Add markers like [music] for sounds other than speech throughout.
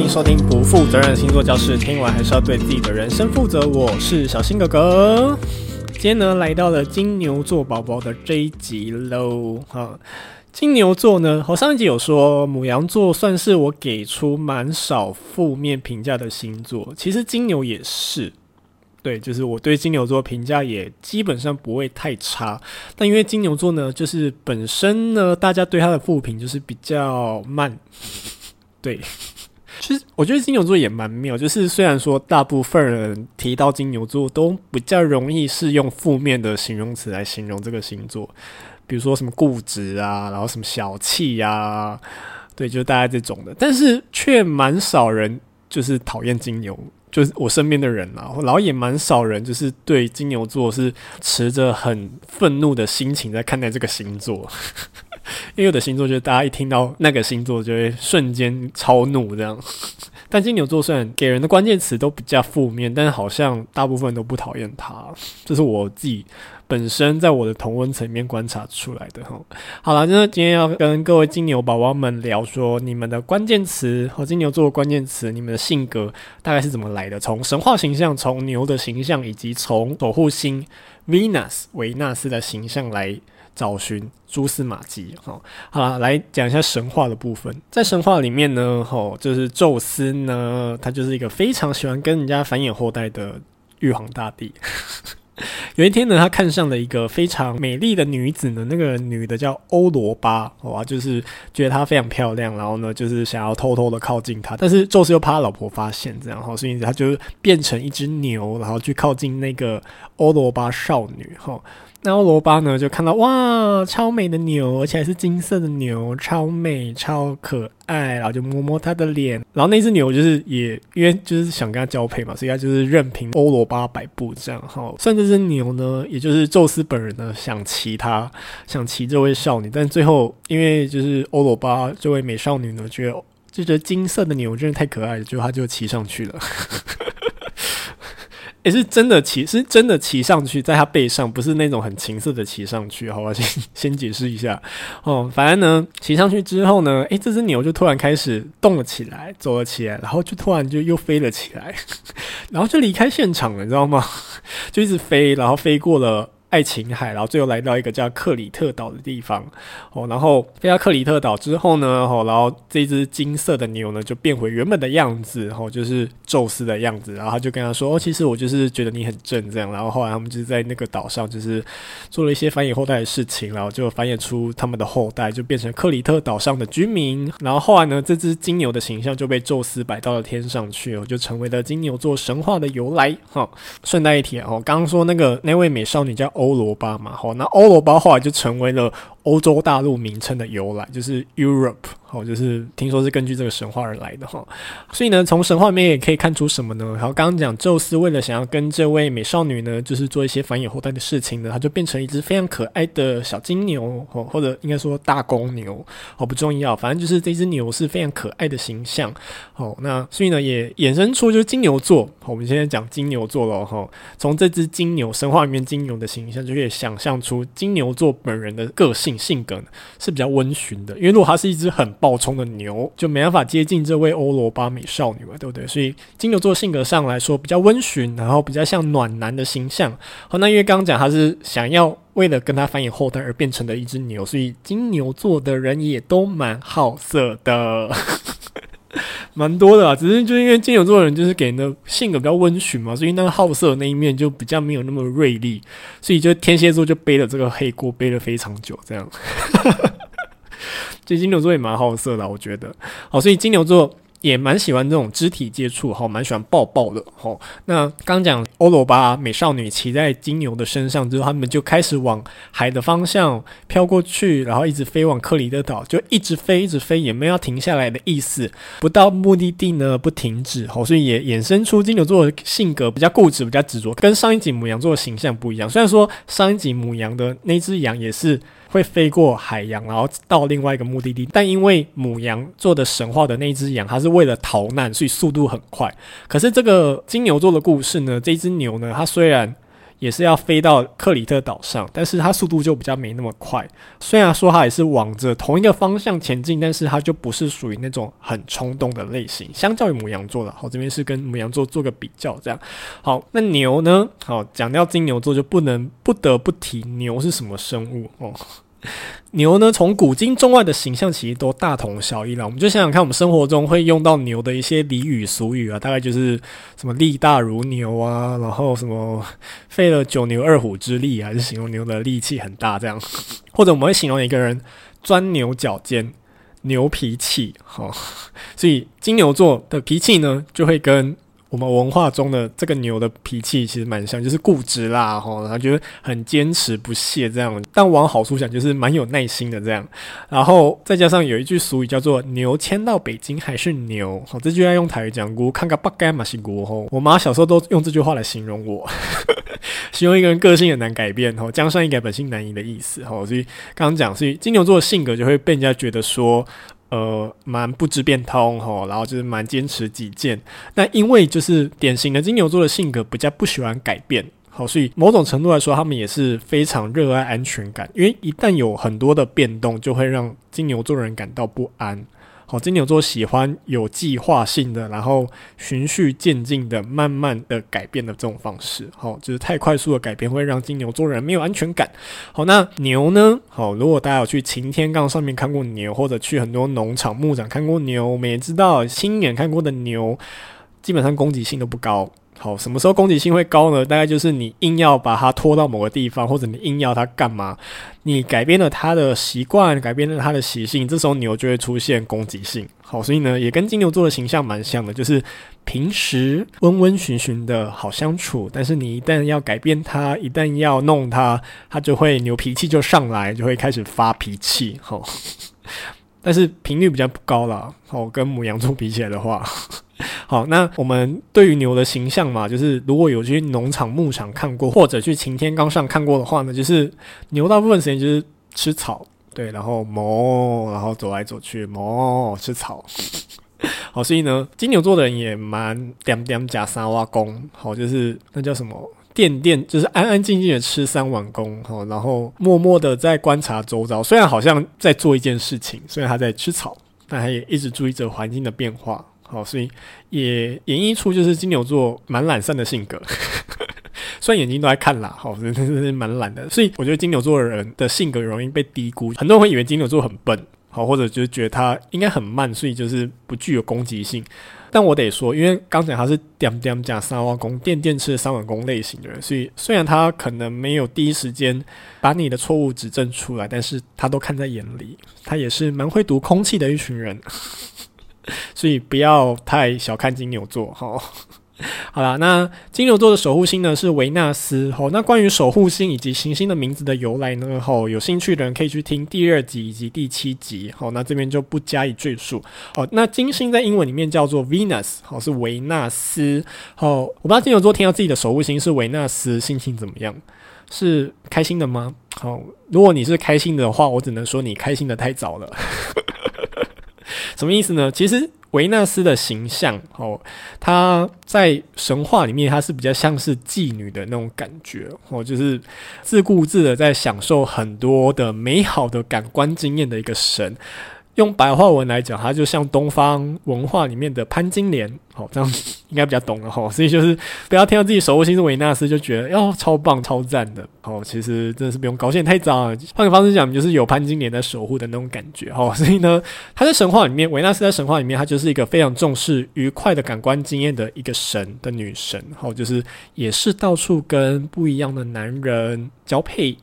歡迎收聽不負責任的星座教室，聽完還是要對自己的人生負責。我是小新哥哥，今天呢來到了金牛座寶寶的這一集嘍。好，金牛座呢，我上一集有說，牡羊座算是我給出蠻少負面評價的星座，其實金牛也是，對，就是我對金牛座評價也基本上不會太差。但因為金牛座呢，就是本身呢，大家對他的負評就是比較慢，對。其實我覺得金牛座也蠻妙，就是雖然說大部分人提到金牛座都比較容易是用負面的形容詞來形容這個星座，比如說什麼固執啊，然後什麼小氣啊，對，就大概這種的。但是卻蠻少人就是討厭金牛，就是我身邊的人啊，然後也蠻少人就是對金牛座是持着很憤怒的心情在看待這個星座。 [laughs] 因為有的星座就是大家一聽到那個星座就會瞬間超怒這樣，但金牛座雖然給人的關鍵詞都比較負面，但是好像大部分都不討厭他，這是我自己本身在我的同溫層裡面觀察出來的哈。好了，就是今天要跟各位金牛寶寶們聊說，你們的關鍵詞和金牛座的關鍵詞，你們的性格大概是怎麼來的？從神話形象，從牛的形象，以及從守護星 Venus 維納斯的形象來找尋蛛絲馬跡，哦，好啦，好來講一下神話的部分。在神話裡面呢，吼、哦、就是宙斯呢，他就是一個非常喜歡跟人家繁衍後代的玉皇大帝。 [laughs] 有一天呢，他看上了一個非常美麗的女子呢，那個女的叫歐羅巴，哇、哦啊，就是覺得她非常漂亮，然後呢，就是想要偷偷的靠近她，但是宙斯又怕她老婆發現，這樣，哈，所以他就變成一只牛，然後去靠近那個歐羅巴少女，哈、哦。那歐羅巴呢，就看到哇，超美的牛，而且還是金色的牛，超美超可愛，然後就摸摸它的臉，然後那隻牛就是也因為就是想跟他交配嘛，所以它就是任憑歐羅巴擺布這樣，好，算這隻牛呢，也就是宙斯本人呢想騎它，想騎這位少女，但最後因為就是歐羅巴這位美少女呢，覺得就覺得金色的牛真的太可愛了，就他就騎上去了。 [laughs] 也是真的騎，是真的騎上去，在他背上，不是那種很情色的騎上去，好吧，先先解釋一下哦。反正呢，騎上去之後呢，誒，這隻牛就突然開始動了起來，走了起來，然後就突然就又飛了起來，然後就離開現場了，你知道嗎？就一直飛，然後飛過了愛琴海，然後最後來到一個叫克里特島的地方哦。然後飛到克里特島之後呢，哦，然後這隻金色的牛呢就變回原本的樣子，哦，就是。宙斯的樣子，然後他就跟他說：“哦，其實我就是覺得你很正，這樣。”然後後來他們就是在那個島上，就是做了一些繁衍後代的事情，然後就繁衍出他們的後代，就變成克里特島上的居民。然後後來呢，這隻金牛的形象就被宙斯擺到了天上去，就成為了金牛座神話的由來。哈，順帶一提哦，剛剛說那個那位美少女叫歐羅巴嘛，哈，哦，那歐羅巴後來就成為了。歐洲大陸名稱的由來就是 Europe，好、哦，就是聽說是根據這個神話而來的哈、哦。所以呢，從神話裡面也可以看出什麼呢？然後剛剛講宙斯為了想要跟這位美少女呢，就是做一些繁衍後代的事情呢，他就變成一隻非常可愛的小金牛哦，或者應該說大公牛好、哦、不重要，反正就是這隻牛是非常可愛的形象哦。那所以呢，也衍生出就是金牛座好，我們現在講金牛座了哈，從、哦、這隻金牛神話裡面金牛的形象，就可以想象出金牛座本人的個性，性格是比較溫馴的，因為如果他是一隻很暴衝的牛，就沒辦法接近這位歐羅巴美少女嘛，對不對？所以金牛座性格上來說比較溫馴，然後比較像暖男的形象。好，那因為剛剛講他是想要為了跟他繁衍後代而變成的一隻牛，所以金牛座的人也都蠻好色的。 [laughs] 蠻多的啊，只是就因為金牛座的人就是給人的性格比較溫馴嘛，所以那個好色的那一面就比較沒有那麼銳利，所以就天蠍座就背了這個黑鍋，背了非常久這樣。就 [laughs] 金牛座也蠻好色的，我覺得。好，所以金牛座。也蠻喜歡這種肢體接觸，哈，蠻喜歡抱抱的，哈。那剛講歐羅巴美少女騎在金牛的身上之後，就是、他們就開始往海的方向飄過去，然後一直飛往克里特島，就一直飛，一直飛，也沒有要停下來的意思。不到目的地呢，不停止，哈，所以也衍生出金牛座的性格比較固執，比較執着，跟上一集牡羊座的形象不一樣。雖然說上一集牡羊的那只羊也是。會飛過海洋，然後到另外一個目的地。但因為牡羊座的神話的那隻羊，它是為了逃難，所以速度很快。可是這個金牛座的故事呢，這隻牛呢，它雖然。也是要飛到克里特島上，但是它速度就比較沒那麼快。雖然說它也是往着同一個方向前進，但是它就不是屬於那種很衝動的類型。相較於牡羊座的，好，這邊是跟牡羊座做個比較，這樣。好，那牛呢？好，講到金牛座就不能不得不提牛是什麼生物哦。牛呢，從古今中外的形象其實都大同小異啦。我們就想想看，我們生活中會用到牛的一些俚語俗語啊，大概就是什麼力大如牛啊，然後什麼費了九牛二虎之力，還是形容牛的力氣很大這樣。或者我們會形容一個人鑽牛角尖、牛脾氣哈、哦。所以金牛座的脾氣呢，就會跟。我們文化中的這個牛的脾氣其實蠻像，就是固執啦，吼，然後就是很堅持不懈這樣。但往好處想，就是蠻有耐心的這樣。然後再加上有一句俗語叫做“牛牽到北京還是牛”，吼，這句話用台語講“牛牽到北京嘛是牛”吼。我媽小時候都用這句話來形容我， [laughs] 形容一個人個性很難改變，吼“江山易改，本性難移”的意思，吼。所以剛剛講，所以金牛座的性格就會被人家覺得說。呃，蠻不知變通吼，然後就是蠻堅持己見。那因為就是典型的金牛座的性格，比較不喜歡改變，吼，所以某種程度來說，他們也是非常熱愛安全感。因為一旦有很多的變動，就會讓金牛座的人感到不安。好，金牛座喜歡有計劃性的，然後循序漸進的，慢慢的改變的這種方式。好，就是太快速的改變會讓金牛座人沒有安全感。好，那牛呢？好，如果大家有去擎天崗上面看過牛，或者去很多農場牧場看過牛，我們也知道親眼看過的牛，基本上攻擊性都不高。好，什麼時候攻擊性會高呢？大概就是你硬要把它拖到某個地方，或者你硬要它幹嘛，你改變了它的習慣，改變了它的習性，這時候牛就會出現攻擊性。好，所以呢，也跟金牛座的形象蠻像的，就是平時溫溫馴馴的好相處，但是你一旦要改變它，一旦要弄它，它就會牛脾氣就上來，就會開始發脾氣。好， [laughs] 但是頻率比較不高啦。好，跟牡羊座比起來的話。好，那我們對於牛的形象嘛，就是如果有去農場、牧場看過，或者去擎天崗上看過的話呢，就是牛大部分時間就是吃草，對，然後哞，然後走來走去哞，吃草。 [laughs] 好，所以呢，金牛座的人也蠻恬恬呷三碗公，好，就是那叫什麼恬恬，就是安安靜靜的吃三碗公，好，然後默默的在觀察周遭，雖然好像在做一件事情，雖然他在吃草，但他也一直注意着環境的變化。好，所以也演繹出就是金牛座蠻懶散的性格， [laughs] 雖然眼睛都在看啦，好，真的是是是蠻懶的。所以我覺得金牛座的人的性格容易被低估，很多人會以為金牛座很笨，好，或者就是覺得他應該很慢，所以就是不具有攻擊性。但我得說，因為剛才他是恬恬吃三碗公，恬恬吃的三碗公類型的人，所以雖然他可能沒有第一時間把你的錯誤指正出來，但是他都看在眼裡，他也是蠻會讀空氣的一群人。所以不要太小看金牛座吼，好， [laughs] 好啦，那金牛座的守護星呢是維納斯哦。那關於守護星以及行星的名字的由來呢，好，有興趣的人可以去聽第二集以及第七集好，那這邊就不加以贅述哦。那金星在英文裡面叫做 Venus 好，是維納斯哦。我不知道金牛座聽到自己的守護星是維納斯，心情怎麼樣？是開心的嗎？好，如果你是開心的話，我只能說你開心得太早了。 [laughs] 什麼意思呢？其實維納斯的形象哦，她在神話裡面，她是比較像是妓女的那種感覺哦，就是自顧自的在享受很多的美好的感官經驗的一個神。用白話文來講，它就像東方文化裡面的潘金蓮，好、哦、這樣應該比較懂了哈、哦。所以就是不要聽到自己守護星是維納斯就覺得，哦，超棒超讚的，哦，其實真的是不用高興，太髒了。換個方式講，就是有潘金蓮在守護的那種感覺，哦，所以呢，他在神話裡面，維納斯在神話裡面，她就是一個非常重視愉快的感官經驗的一個神的女神，好、哦，就是也是到處跟不一樣的男人交配。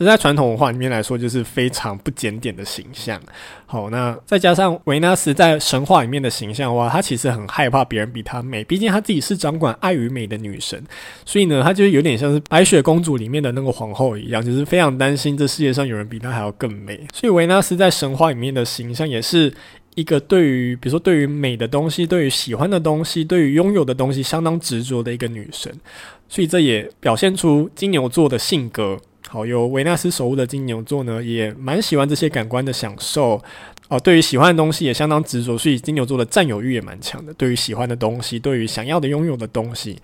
這在傳統文化裡面來說，就是非常不檢點的形象。好，那再加上維納斯在神話裡面的形象的話，她其實很害怕別人比她美，畢竟她自己是掌管愛與美的女神，所以呢，她就有點像是白雪公主裡面的那個皇後一樣，就是非常擔心這世界上有人比她還要更美。所以維納斯在神話裡面的形象也是一個對於比如說對於美的東西、對於喜歡的東西、對於擁有的東西相當執着的一個女神。所以這也表現出金牛座的性格。好，由維納斯守護的金牛座呢，也蠻喜歡這些感官的享受哦、呃。對於喜歡的東西也相當執着，所以金牛座的占有欲也蠻強的。對於喜歡的東西，對於想要的、擁有的東西，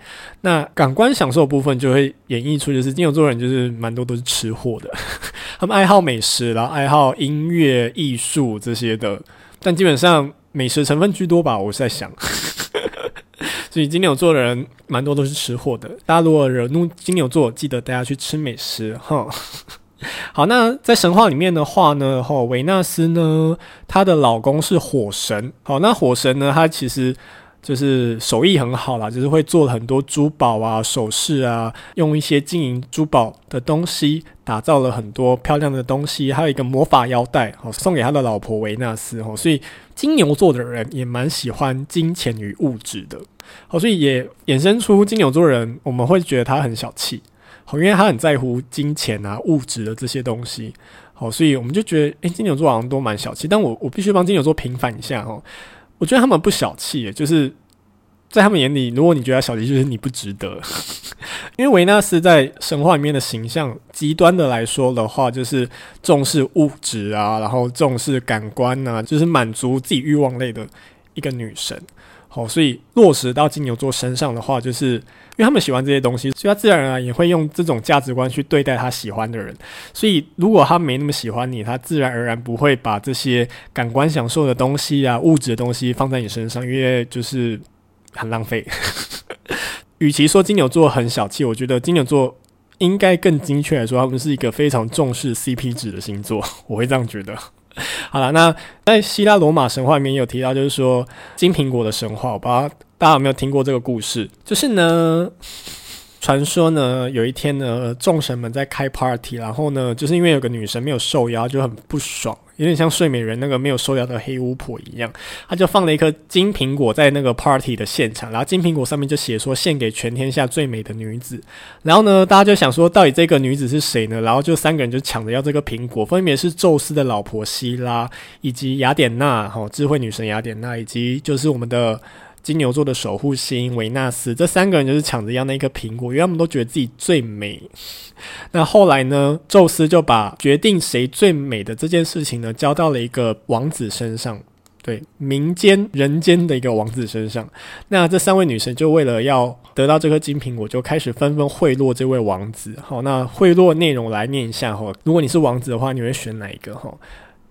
那感官享受部分就會演繹出，就是金牛座人就是蠻多都是吃貨的， [laughs] 他們愛好美食，然後愛好音樂、藝術這些的，但基本上美食成分居多吧。我是在想。 [laughs] 所以金牛座的人蠻多都是吃貨的，大家如果惹怒金牛座，記得大家去吃美食哈。好，那在神話裡面的話呢，哈、喔，維納斯呢，她的老公是火神。好，那火神呢，他其實。就是手藝很好啦，就是會做很多珠寶啊、首飾啊，用一些金銀珠寶的東西打造了很多漂亮的東西，還有一個魔法腰帶哦，送給他的老婆維納斯哦。所以金牛座的人也蠻喜歡金錢與物質的，好，所以也衍生出金牛座的人，我們會覺得他很小氣，好，因為他很在乎金錢啊、物質的這些東西，好，所以我們就覺得，誒、欸，金牛座好像都蠻小氣，但我我必須幫金牛座平反一下哦。我覺得他們不小氣耶，就是在他們眼裡，如果你覺得小氣，就是你不值得。 [laughs] 因為維納斯在神話裡面的形象，極端的來說的話，就是重視物質啊，然後重視感官啊，就是滿足自己慾望類的一個女神。哦，所以落實到金牛座身上的話，就是因為他們喜歡這些東西，所以他自然而然也會用這種價值觀去對待他喜歡的人。所以如果他沒那麼喜歡你，他自然而然不會把這些感官享受的東西啊、物質的東西放在你身上，因為就是很浪費。與 [laughs] 其說金牛座很小氣，我覺得金牛座應該更精確來說，他們是一個非常重視 CP 值的星座。我會這樣覺得。好啦，那在希臘羅馬神話裡面有提到，就是說金蘋果的神話，我不知道大家有沒有聽過這個故事，就是呢。傳說呢，有一天呢，呃、眾神們在開 party，然後呢，就是因為有個女神沒有受邀，就很不爽，有點像睡美人那個沒有受邀的黑巫婆一樣，她就放了一顆金蘋果在那個 party 的現場，然後金蘋果上面就寫說獻給全天下最美的女子，然後呢，大家就想說到底這個女子是誰呢？然後就三個人就搶着要這個蘋果，分別是宙斯的老婆希拉，以及雅典娜，哈，智慧女神雅典娜，以及就是我們的。金牛座的守護星維納斯，這三個人就是搶着要那一個蘋果，因為他們都覺得自己最美。那後來呢，宙斯就把決定誰最美的這件事情呢，交到了一個王子身上，對，民間人間的一個王子身上。那這三位女神就為了要得到這顆金蘋果，就開始紛紛賄賂這位王子。好，那賄賂內容來念一下吼。如果你是王子的話，你會選哪一個吼，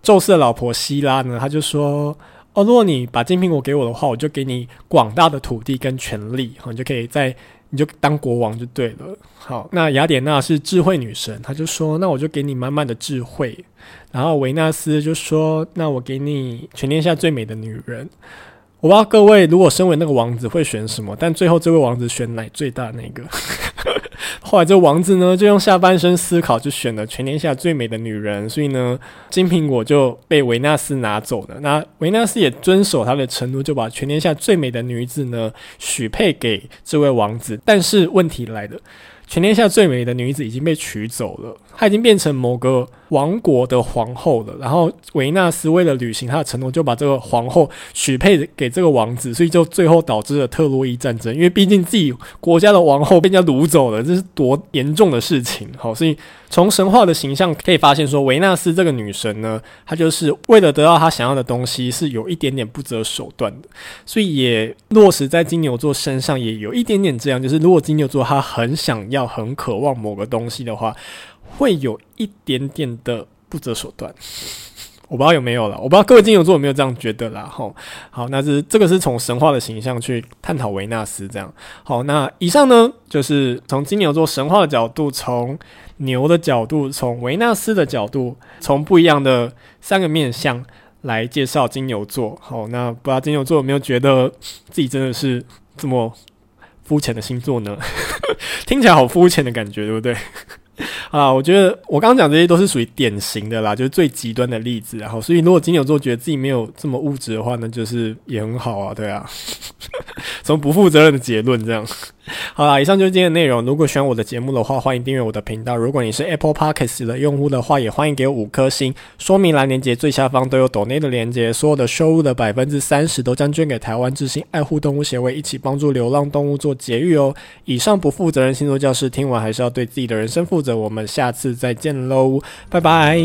宙斯的老婆希拉呢，她就說。哦，如果你把金蘋果給我的話，我就給你廣大的土地跟權力，你就可以在，你就當國王就對了。好，那雅典娜是智慧女神，她就說，那我就給你滿滿的智慧。然後維納斯就說，那我給你全天下最美的女人。我不知道各位如果身為那個王子會選什麼，但最後這位王子選奶最大那個？ [laughs] 後來，這王子呢，就用下半身思考，就選了全天下最美的女人，所以呢，金蘋果就被維納斯拿走了。那維納斯也遵守他的承諾，就把全天下最美的女子呢許配給這位王子。但是問題來了，全天下最美的女子已經被取走了。她已經變成某個王國的皇後了。然後維納斯為了履行她的承諾，就把這個皇后許配給這個王子，所以就最後導致了特洛伊戰爭。因為畢竟自己國家的王后被人家擄走了，這是多嚴重的事情。好，所以從神話的形象可以發現說，說維納斯這個女神呢，她就是為了得到她想要的東西，是有一點點不擇手段的。所以也落實在金牛座身上，也有一點點這樣。就是如果金牛座她很想要，很渴望某個東西的話，會有一點點的不擇手段，我不知道有沒有了，我不知道各位金牛座有沒有這樣覺得啦。吼，好，那是這個是從神話的形象去探討維納斯這樣。好，那以上呢，就是從金牛座神話的角度，從牛的角度，從維納斯的角度，從不一樣的三個面向來介紹金牛座。好，那不知道金牛座有沒有覺得自己真的是這麼膚淺的星座呢？ [laughs] 聽起來好膚淺的感覺，對不對？啊，我覺得我剛剛講這些都是屬於典型的啦，就是最極端的例子啦。然後，所以如果金牛座覺得自己沒有這麼物質的話，那就是也很好啊，對啊。 [laughs] 從不負責任的結論這樣，好啦，以上就是今天的內容。如果喜歡我的節目的話，歡迎訂閱我的頻道。如果你是 Apple Podcasts 的用戶的話，也歡迎給我五顆星。說明欄連接最下方都有抖內的連接。所有的收入的百分之三十都將捐給台灣之心愛護動物協會，一起幫助流浪動物做節育哦。以上不負責任星座教室，聽完還是要對自己的人生負責。我們下次再見嘍，拜拜。